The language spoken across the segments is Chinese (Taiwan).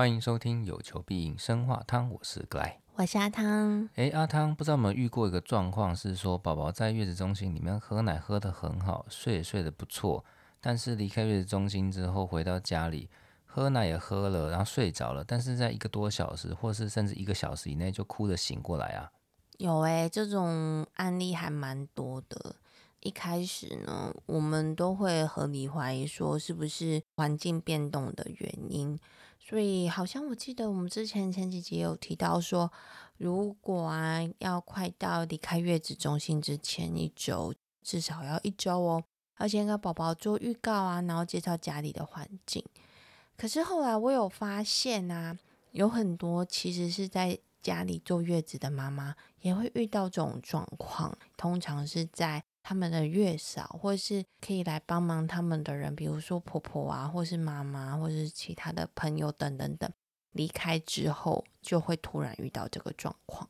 歡迎收聽《有求必應生化湯》，我是 Guy，我是阿湯。誒，阿湯，不知道有沒有遇過一個狀況，是說寶寶在月子中心裡面喝奶喝得很好，睡也睡得不錯，但是離開月子中心之後回到家裡，喝奶也喝了，然後睡着了，但是在一個多小時，或是甚至一個小時以內就哭着醒過來啊？有誒、欸，這種案例還蠻多的。一開始呢，我們都會合理懷疑說，是不是環境變動的原因？所以好像我記得我們之前前幾集有提到說，如果啊要快到離開月子中心之前一周，至少要一周哦，要先跟寶寶做預告啊，然後介紹家裡的環境。可是後來我有發現啊，有很多其實是在家裡坐月子的媽媽也會遇到這種狀況，通常是在。他們的月嫂，或是可以來幫忙他們的人，比如說婆婆啊，或是媽媽，或是其他的朋友等等等，離開之後就會突然遇到這個狀況。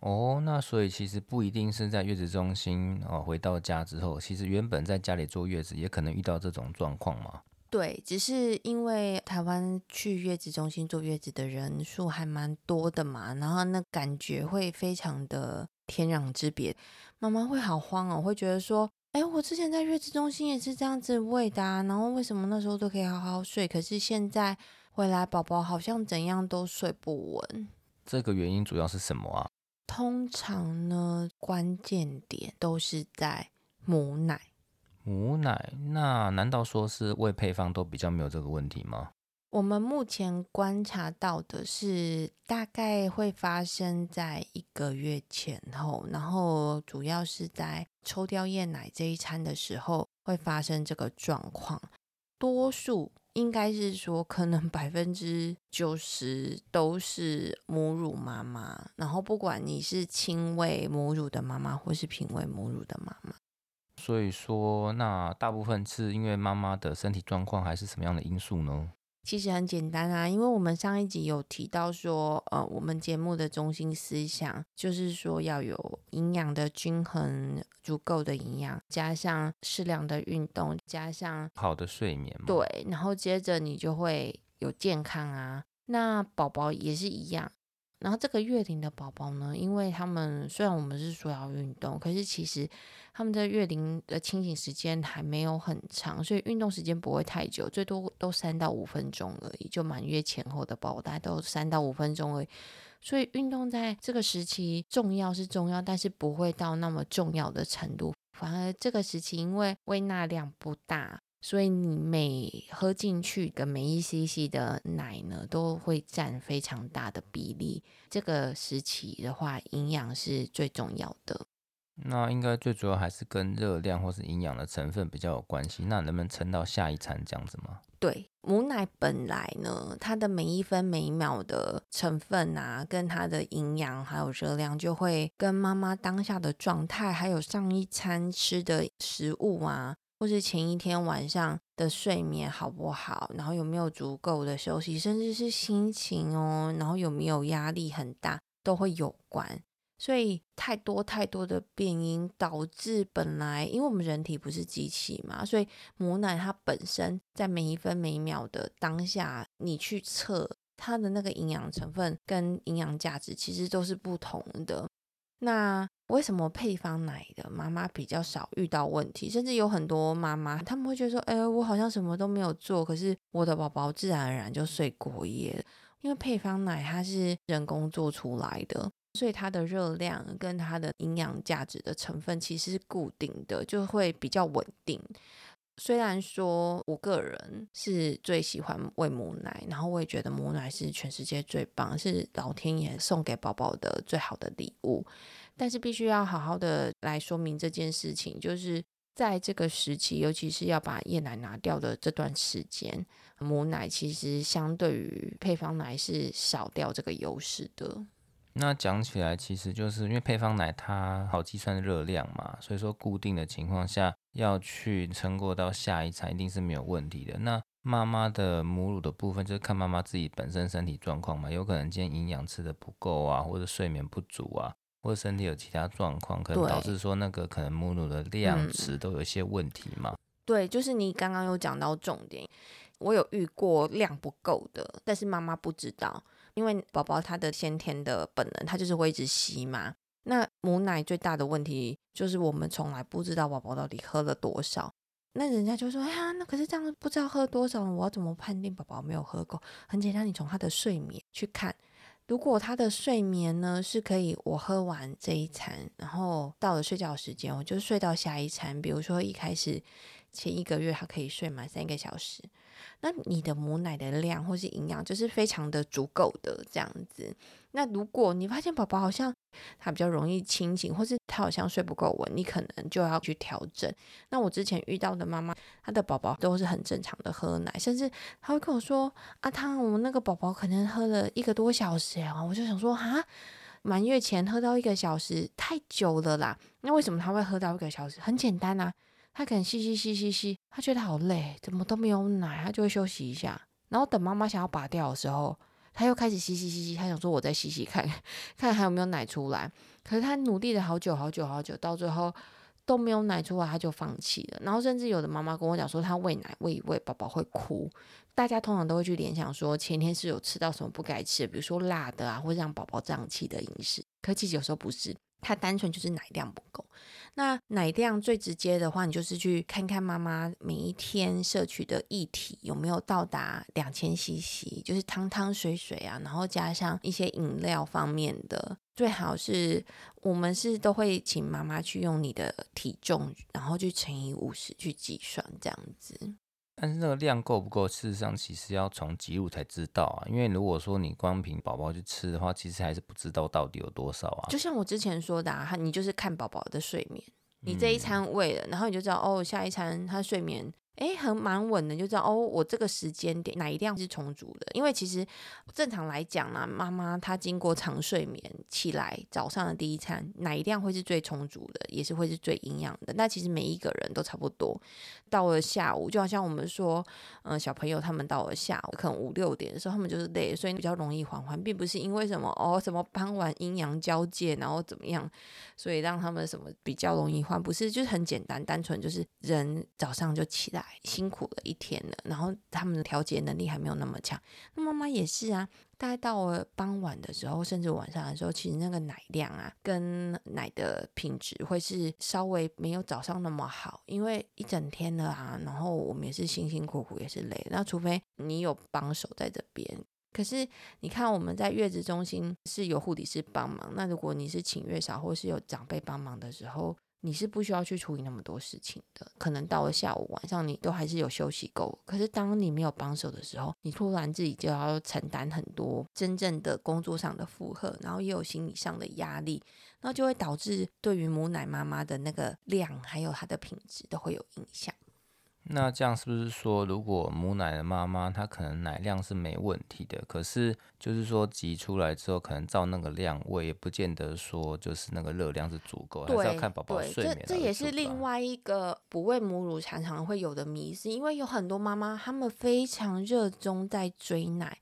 哦，那所以其實不一定是在月子中心哦，回到家之後，其實原本在家裡坐月子也可能遇到這種狀況嘛。對，只是因為台灣去月子中心坐月子的人數還蠻多的嘛，然後那感覺會非常的。天壤之別，媽媽會好慌哦，會覺得說，哎，我之前在月子中心也是這樣子餵的，啊，然後為什麼那時候都可以好好睡，可是現在回來寶寶好像怎樣都睡不穩？這個原因主要是什麼啊？通常呢，關鍵點都是在母奶。母奶？那難道說是餵配方都比較沒有這個問題嗎？我們目前觀察到的是，大概會發生在一個月前後，然後主要是在抽掉夜奶這一餐的時候會發生這個狀況。多數應該是說，可能百分之九十都是母乳媽媽。然後，不管你是親餵母，母乳的媽媽，或是瓶餵母乳的媽媽，所以說，那大部分是因為媽媽的身體狀況，還是什麼樣的因素呢？其實很簡單啊，因為我們上一集有提到說，呃，我們節目的中心思想就是說要有營養的均衡，足夠的營養，加上適量的運動，加上好的睡眠。對，然後接着你就會有健康啊。那寶寶也是一樣。然後這個月齡的寶寶呢，因為他們雖然我們是說要運動，可是其實他們的月齡的清醒時間還沒有很長，所以運動時間不會太久，最多都三到五分鐘而已。就滿月前後的寶寶，大概都三到五分鐘而已。所以運動在這個時期重要是重要，但是不會到那麼重要的程度。反而這個時期，因為胃納量不大。所以你每喝進去的每一 cc 的奶呢，都會佔非常大的比例。這個時期的話，營養是最重要的。那應該最主要還是跟熱量或是營養的成分比較有關係。那你能不能撐到下一餐這樣子嗎？對，母奶本來呢，它的每一分每一秒的成分啊，跟它的營養還有熱量，就會跟媽媽當下的狀態，還有上一餐吃的食物啊。或是前一天晚上的睡眠好不好，然後有沒有足夠的休息，甚至是心情哦，然後有沒有壓力很大，都會有關。所以太多太多的變因導致本來，因為我們人體不是機器嘛，所以母奶它本身在每一分每一秒的當下，你去測它的那個營養成分跟營養價值，其實都是不同的。那為什麼配方奶的媽媽比較少遇到問題？甚至有很多媽媽，她們會覺得說：“哎、欸，我好像什麼都沒有做，可是我的寶寶自然而然就睡過夜。”因為配方奶它是人工做出來的，所以它的熱量跟它的營養價值的成分其實是固定的，就會比較穩定。雖然說我個人是最喜歡餵母奶，然後我也覺得母奶是全世界最棒，是老天爺送給寶寶的最好的禮物。但是必須要好好的來說明這件事情，就是在這個時期，尤其是要把夜奶拿掉的這段時間，母奶其實相對於配方奶是少掉這個優勢的。那講起來，其實就是因為配方奶它好計算熱量嘛，所以說固定的情況下，要去撐過到下一餐，一定是沒有問題的。那媽媽的母乳的部分，就是看媽媽自己本身身體狀況嘛，有可能今天營養吃得不夠啊，或者睡眠不足啊，或者身體有其他狀況，可能導致說那個可能母乳的量、質，都有一些問題嘛。對、嗯。對，就是你剛剛有講到重點，我有遇過量不夠的，但是媽媽不知道。因為寶寶他的先天的本能，他就是會一直吸嘛。那母奶最大的問題就是，我們從來不知道寶寶到底喝了多少。那人家就說：“哎呀，那可是這樣，不知道喝多少，我要怎麼判定寶寶沒有喝夠？”很簡單，你從他的睡眠去看。如果他的睡眠呢是可以，我喝完這一餐，然後到了睡覺時間，我就睡到下一餐。比如說一開始前一個月，他可以睡滿三個小時。那你的母奶的量或是營養就是非常的足夠的這樣子。那如果你發現寶寶好像他比較容易清醒，或是他好像睡不夠穩，你可能就要去調整。那我之前遇到的媽媽，她的寶寶都是很正常的喝奶，甚至她會跟我說：“阿、啊、湯，我那個寶寶可能喝了一個多小時。”哎我就想說，哈，滿月前喝到一個小時太久了啦。那為什麼他會喝到一個小時？很簡單啊，他可能吸吸吸吸吸。他覺得好累，怎麼都沒有奶，他就會休息一下，然後等媽媽想要拔掉的時候，他又開始吸吸吸吸，他想說，我再吸吸看看，看還有沒有奶出來。可是他努力了好久好久好久，到最後都沒有奶出來，他就放棄了。然後甚至有的媽媽跟我講說，他餵奶餵一餵寶寶會哭，大家通常都會去聯想說前天是有吃到什麼不該吃的，比如說辣的啊，會讓寶寶脹氣的飲食。可其實有時候不是。它單純就是奶量不夠，那奶量最直接的話，你就是去看看媽媽每一天攝取的液體有沒有到達兩千 CC，就是湯湯水水啊，然後加上一些飲料方面的，最好是我們是都會請媽媽去用你的體重，然後去乘以五十去計算這樣子。但是那個量夠不夠？事實上，其實要從記錄才知道啊。因為如果說你光憑寶寶去吃的話，其實還是不知道到底有多少啊。就像我之前說的，啊，你就是看寶寶的睡眠，你這一餐餵了，嗯，然後你就知道哦，下一餐他睡眠。誒，很蠻穩的，就知道哦，我這個時間點奶量是充足的，因為其實正常來講呢，媽媽她經過長睡眠起來，早上的第一餐奶量會是最充足的，也是會是最營養的。那其實每一個人都差不多。到了下午，就好像我們說，嗯、呃，小朋友他們到了下午可能五六點的時候，他們就是累，所以比較容易緩緩，並不是因為什麼哦，什麼傍晚陰陽交界，然後怎麼樣，所以讓他們什麼比較容易換，不是，就是很簡單，單純就是人早上就起來。辛苦了一天了，然後他們的調節能力還沒有那麼強。那媽媽也是啊，大概到了傍晚的時候，甚至晚上的時候，其實那個奶量啊，跟奶的品質會是稍微沒有早上那麼好，因為一整天了啊。然後我們也是辛辛苦苦，也是累。那除非你有幫手在這邊，可是你看我們在月子中心是有護理師幫忙。那如果你是請月嫂或是有長輩幫忙的時候，你是不需要去處理那麼多事情的，可能到了下午、晚上，你都還是有休息夠。可是當你沒有幫手的時候，你突然自己就要承擔很多真正的工作上的負荷，然後也有心理上的壓力，那就會導致對於母奶媽媽的那個量還有她的品質都會有影響。那這樣是不是說，如果母奶的媽媽，她可能奶量是沒問題的，可是就是說擠出來之後，可能照那個量我也不見得說就是那個熱量是足夠，對還是要看寶寶睡眠這。這也是另外一個哺餵母乳常常會有的迷思，因為有很多媽媽她們非常熱衷在追奶，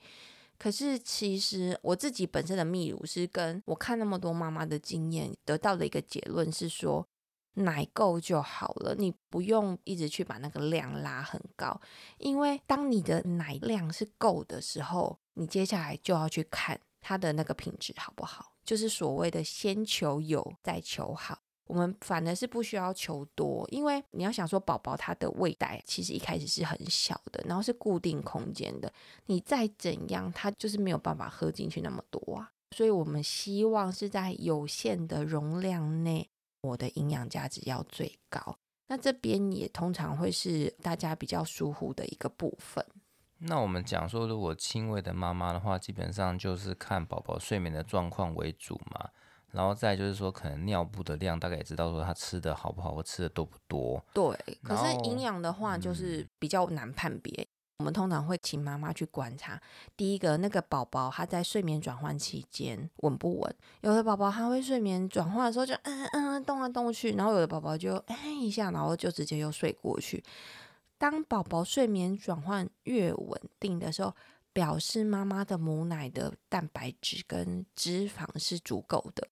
可是其實我自己本身的泌乳是跟我看那麼多媽媽的經驗得到的一個結論是說。奶夠就好了，你不用一直去把那個量拉很高，因為當你的奶量是夠的時候，你接下來就要去看它的那個品質好不好，就是所謂的先求有再求好。我們反而是不需要求多，因為你要想說寶寶他的胃袋其實一開始是很小的，然後是固定空間的，你再怎樣，它就是沒有辦法喝進去那麼多啊。所以，我們希望是在有限的容量內。我的營養價值要最高，那這邊也通常會是大家比較疏忽的一個部分。那我們講說，如果親餵的媽媽的話，基本上就是看寶寶睡眠的狀況為主嘛，然後再就是說，可能尿布的量，大概也知道說他吃的好不好，或吃的多不多。對，後可是營養的話，就是比較難判別。嗯我們通常會請媽媽去觀察，第一個那個寶寶他在睡眠轉換期間穩不穩？有的寶寶他會睡眠轉換的時候就嗯嗯動來動去，然後有的寶寶就哎、嗯、一下，然後就直接又睡過去。當寶寶睡眠轉換越穩定的時候，表示媽媽的母奶的蛋白質跟脂肪是足夠的。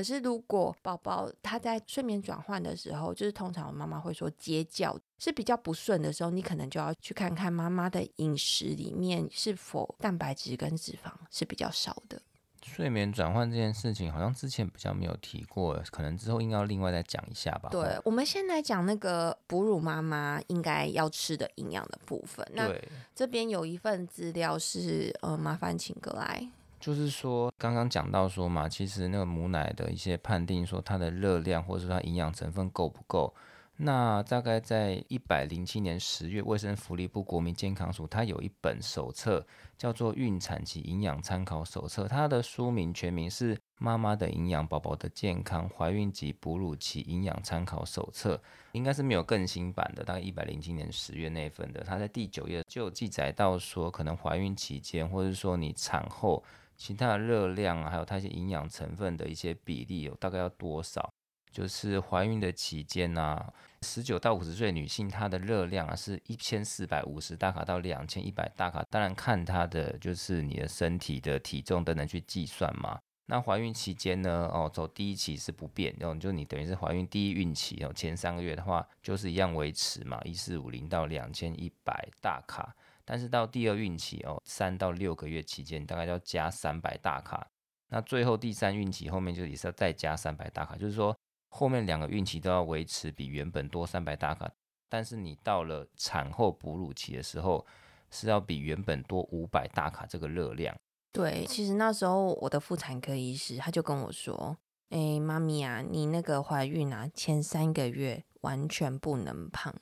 可是，如果寶寶他在睡眠轉換的時候，就是通常我媽媽會說接覺是比較不順的時候，你可能就要去看看媽媽的飲食裡面是否蛋白質跟脂肪是比較少的。睡眠轉換這件事情好像之前比較沒有提過，可能之後應該要另外再講一下吧。對，我們先來講那個哺乳媽媽應該要吃的營養的部分。那這邊有一份資料是，呃，麻煩請過來。就是說，剛剛講到說嘛，其實那個母奶的一些判定，說它的熱量或是它營養成分夠不夠？那大概在一百零七年十月，衛生福利部國民健康署它有一本手冊，叫做《孕產期營養參考手冊》。它的書名全名是《媽媽的營養，寶寶的健康：懷孕及哺乳期營養參考手冊》，應該是沒有更新版的，大概一百零七年十月那份的。它在第九頁就記載到說，可能懷孕期間，或者說你產後。其他的熱量啊，還有它一些營養成分的一些比例有大概要多少？就是懷孕的期間啊，十九到五十歲女性她的熱量啊是一千四百五十大卡到兩千一百大卡，當然看她的就是你的身體的體重等等去計算嘛。那懷孕期間呢，哦，走第一期是不變，就你就你等於是懷孕第一孕期哦，前三個月的話就是一樣維持嘛，一四五零到兩千一百大卡。但是到第二孕期哦，三到六個月期間，大概要加三百大卡。那最後第三孕期後面就也是要再加三百大卡，就是說後面兩個孕期都要維持比原本多三百大卡。但是你到了產後哺乳期的時候，是要比原本多五百大卡這個熱量。對，其實那時候我的婦產科醫師他就跟我說：“哎、欸，媽咪啊，你那個懷孕啊前三個月完全不能胖，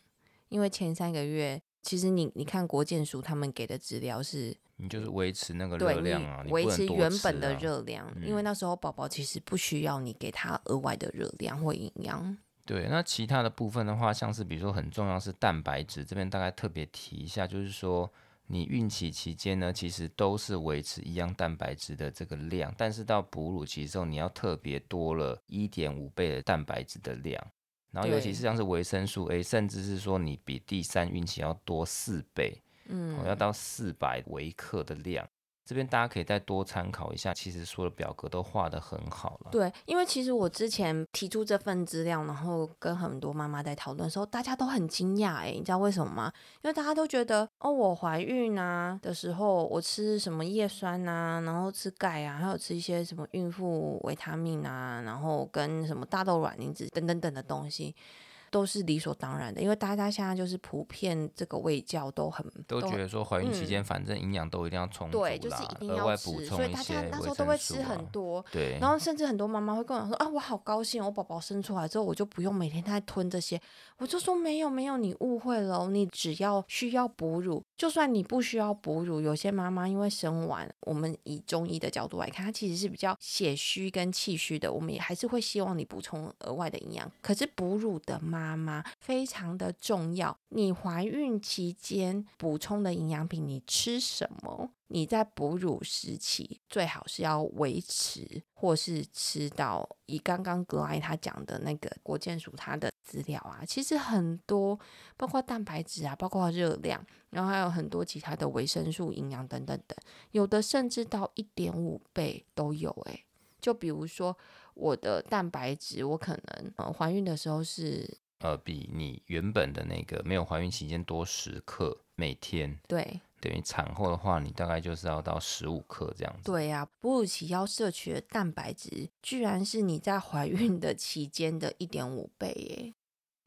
因為前三個月。”其實你你看，國健署他們給的資料是，你就是維持那個熱量啊，維持原本的熱量，啊嗯、因為那時候寶寶其實不需要你給他額外的熱量或營養。對，那其他的部分的話，像是比如說很重要是蛋白質，這邊大概特別提一下，就是說你孕期期間呢，其實都是維持一樣蛋白質的這個量，但是到哺乳期之後，你要特別多了一點五倍的蛋白質的量。然後，尤其是像是維生素 A，對甚至是說你比第三孕期要多四倍，嗯、哦，要到四百微克的量。這邊大家可以再多參考一下，其實所有的表格都畫得很好了。對，因為其實我之前提出這份資料，然後跟很多媽媽在討論的時候，大家都很驚訝，哎，你知道為什麼嗎？因為大家都覺得，哦，我懷孕啊的時候，我吃什麼葉酸啊，然後吃鈣啊，還有吃一些什麼孕婦維他命啊，然後跟什麼大豆卵磷脂等等等等的東西。都是理所當然的，因為大家現在就是普遍這個衛教都很都、都覺得說，懷孕期間、嗯、反正營養都一定要充足啦，對、就是一定要吃、額外補充一些、啊、所以大家那時候都會吃很多。對，然後甚至很多媽媽會跟我說啊，我好高興，我寶寶生出來之後我就不用每天他在吞這些。我就說沒有沒有，你誤會了，你只要需要哺乳。就算你不需要哺乳，有些媽媽因為生完，我們以中醫的角度來看，她其實是比較血虛跟氣虛的，我們也還是會希望你補充額外的營養。可是哺乳的媽媽非常的重要，你懷孕期間補充的營養品你吃什麼？你在哺乳時期最好是要維持或是吃到以剛剛格萊她講的那個國健署它的，資料啊，其實很多，包括蛋白質啊，包括熱量，然後還有很多其他的維生素、營養等等等，有的甚至到一點五倍都有誒、欸，就比如說我的蛋白質，我可能呃懷孕的時候是呃比你原本的那個沒有懷孕期間多十克每天，對，等於產後的話，你大概就是要到十五克這樣子。對呀、啊，哺乳期要攝取的蛋白質居然是你在懷孕的期間的一點五倍耶、欸。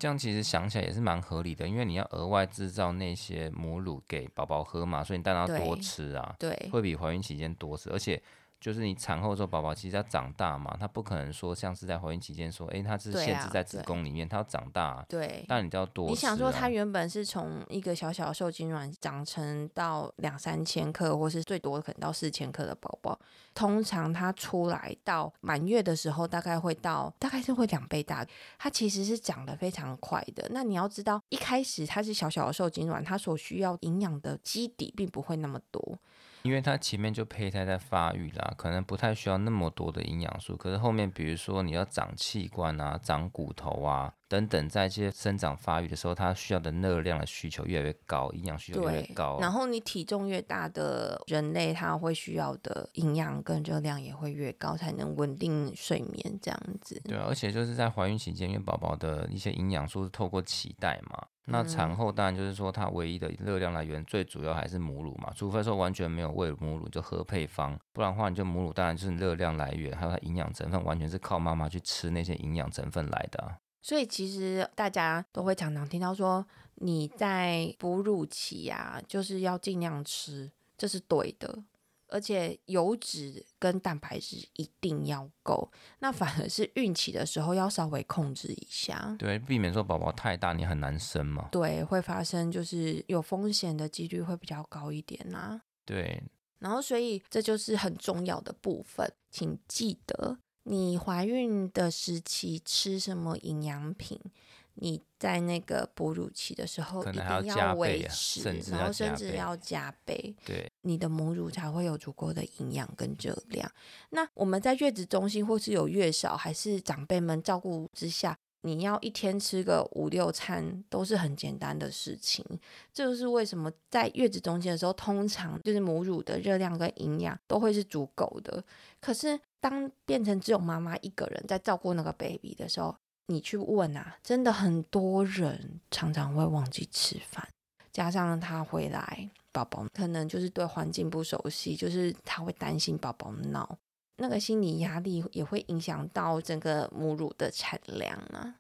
這樣其實想起來也是蠻合理的，因為你要額外製造那些母乳給寶寶喝嘛，所以你當然要多吃啊，對對，會比懷孕期間多吃，而且。就是你產後的時候，寶寶其實要長大嘛，他不可能說像是在懷孕期間說，哎、欸，他是限制在子宮裡面，他、啊、要長大、啊。對。但你要多、啊。你想說他原本是從一個小小的受精卵長成到兩三千克，或是最多可能到四千克的寶寶，通常他出來到滿月的時候，大概會到大概是會兩倍大。他其實是長得非常快的。那你要知道，一開始他是小小的受精卵，他所需要營養的基底並不會那麼多，因為它前面就胚胎在發育啦。可能不太需要那麼多的營養素，可是後面比如說你要長器官、啊、長骨頭啊等等，在這些生長發育的時候，它需要的熱量的需求越來越高，營養需求越來越高。對，然後你體重越大的人類，它會需要的營養跟熱量也會越高，才能穩定睡眠這樣子。對，而且就是在懷孕期間，因為寶寶的一些營養素是透過臍帶嘛。那產後當然就是說，它唯一的熱量來源最主要還是母乳嘛，除非說完全沒有餵母乳就喝配方，不然的話你就母乳當然就是熱量來源，還有它營養成分完全是靠媽媽去吃那些營養成分來的啊。所以其實大家都會常常聽到說，你在哺乳期啊，就是要盡量吃，這是對的。而且油脂跟蛋白質一定要夠，那反而是孕期的時候要稍微控制一下，對，避免說寶寶太大，你很難生嘛。對，會發生就是有風險的幾率會比較高一點吶、啊。對，然後所以這就是很重要的部分，請記得你懷孕的時期吃什麼營養品。你在那個哺乳期的時候，一定要維持，加倍啊、加倍然後甚至要加倍，對，你的母乳才會有足夠的營養跟熱量。那我們在月子中心或是有月嫂，還是長輩們照顧之下，你要一天吃個五六餐都是很簡單的事情。這就是為什麼在月子中心的時候，通常就是母乳的熱量跟營養都會是足夠的。可是當變成只有媽媽一個人在照顧那個 baby 的時候，你去問啊，真的很多人常常會忘記吃飯，加上他回來，寶寶可能就是對環境不熟悉，就是他會擔心寶寶鬧，那個心理壓力也會影響到整個母乳的產量啊。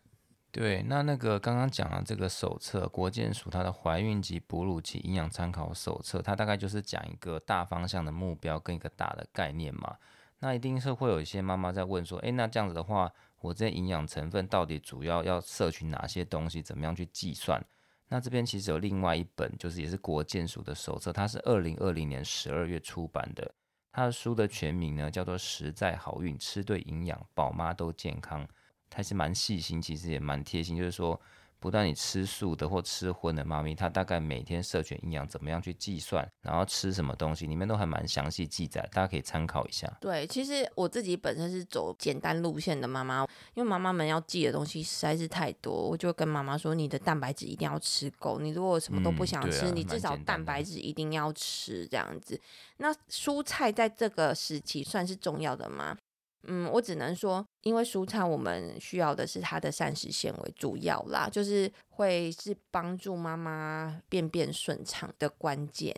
對，那那個剛剛講的這個手冊，國健署它的懷孕及哺乳期營養參考手冊，它大概就是講一個大方向的目標跟一個大的概念嘛。那一定是會有一些媽媽在問說，哎、欸，那這樣子的話，我這營養成分到底主要要攝取哪些東西？怎麼樣去計算？那這邊其實有另外一本，就是也是國健署的手冊，它是二零二零年十二月出版的。它的書的全名呢叫做，《實在好孕吃對營養，寶媽都健康》，還是蠻細心，其實也蠻貼心，就是說。不但你吃素的或吃葷的媽咪，它大概每天攝取營養怎麼樣去計算，然後吃什麼東西，裡面都還蠻詳細記載，大家可以參考一下。對，其實我自己本身是走簡單路線的媽媽，因為媽媽們要記的東西實在是太多，我就跟媽媽說，你的蛋白質一定要吃夠，你如果什麼都不想吃，嗯啊、你至少蛋白質一定要吃這樣子。那蔬菜在這個時期算是重要的嗎？嗯，我只能說，因為蔬菜我們需要的是它的膳食纖維，主要啦，就是會是幫助媽媽便便順暢的關鍵。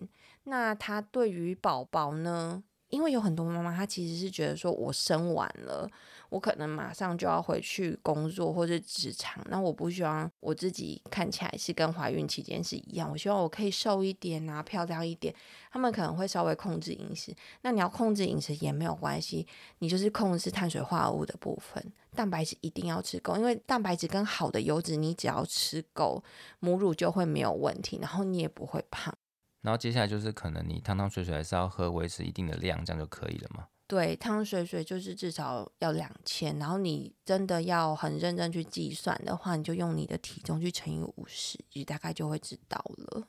那它對於寶寶呢？因為有很多媽媽，她其實是覺得說，我生完了，我可能馬上就要回去工作或者職場，那我不希望我自己看起來是跟懷孕期間是一樣，我希望我可以瘦一點啊，漂亮一點。他們可能會稍微控制飲食，那你要控制飲食也沒有關係，你就是控制碳水化合物的部分，蛋白質一定要吃夠，因為蛋白質跟好的油脂，你只要吃夠，母乳就會沒有問題，然後你也不會胖。然後接下來就是可能你湯湯水水還是要喝，維持一定的量，這樣就可以了嘛。對，湯湯水水就是至少要兩千。然後你真的要很認真去計算的話，你就用你的體重去乘以五十，你大概就會知道了。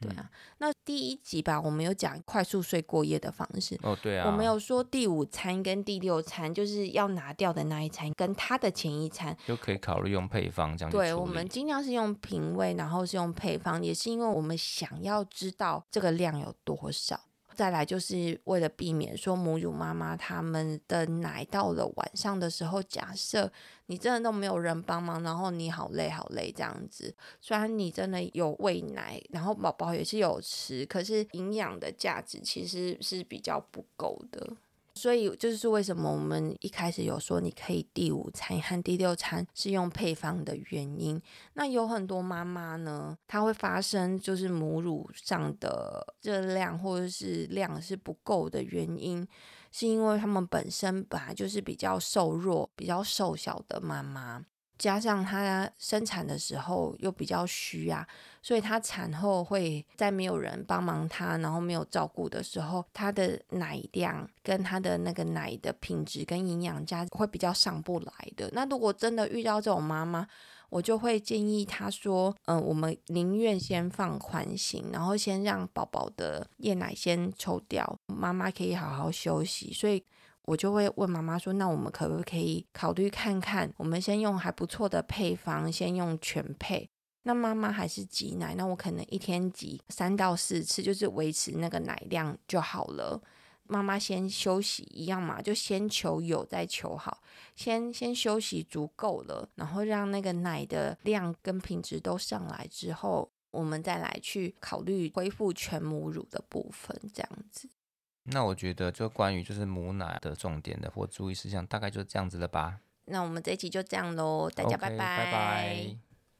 嗯、對啊，那第一集吧，我們有講快速睡過夜的方式。哦，對啊，我們有說第五餐跟第六餐就是要拿掉的那一餐，跟他的前一餐就可以考慮用配方這樣。對，我們盡量是用瓶餵，然後是用配方，也是因為我們想要知道這個量有多少。再來就是為了避免說母乳媽媽他們的奶到了晚上的時候，假設你真的都沒有人幫忙，然後你好累好累這樣子，雖然你真的有餵奶，然後寶寶也是有吃，可是營養的價值其實是比較不夠的。所以，就是為什麼我們一開始有說你可以第五餐和第六餐是用配方的原因。那有很多媽媽呢，她會發生就是母乳上的熱量或者是量是不夠的原因，是因為她們本身本來就是比較瘦弱，比較瘦小的媽媽。加上她生產的時候又比較虛啊，所以她產後會在沒有人幫忙她，然後沒有照顧的時候，她的奶量跟她的那個奶的品質跟營養價值會比較上不來的。那如果真的遇到這種媽媽，我就會建議她說，嗯、呃，我們寧願先放寬心，然後先讓寶寶的夜奶先抽掉，媽媽可以好好休息。所以。我就會問媽媽說，那我們可不可以考慮看看，我們先用還不錯的配方，先用全配。那媽媽還是擠奶，那我可能一天擠三到四次，就是維持那個奶量就好了。媽媽先休息一樣嘛，就先求有再求好，先先休息足夠了，然後讓那個奶的量跟品質都上來之後，我們再來去考慮恢復全母乳的部分，這樣子。那我覺得就關於就是母奶的重點的或注意事項，大概就這樣子了吧。那我們這一期就這樣嘍，大家拜拜。Okay, bye bye。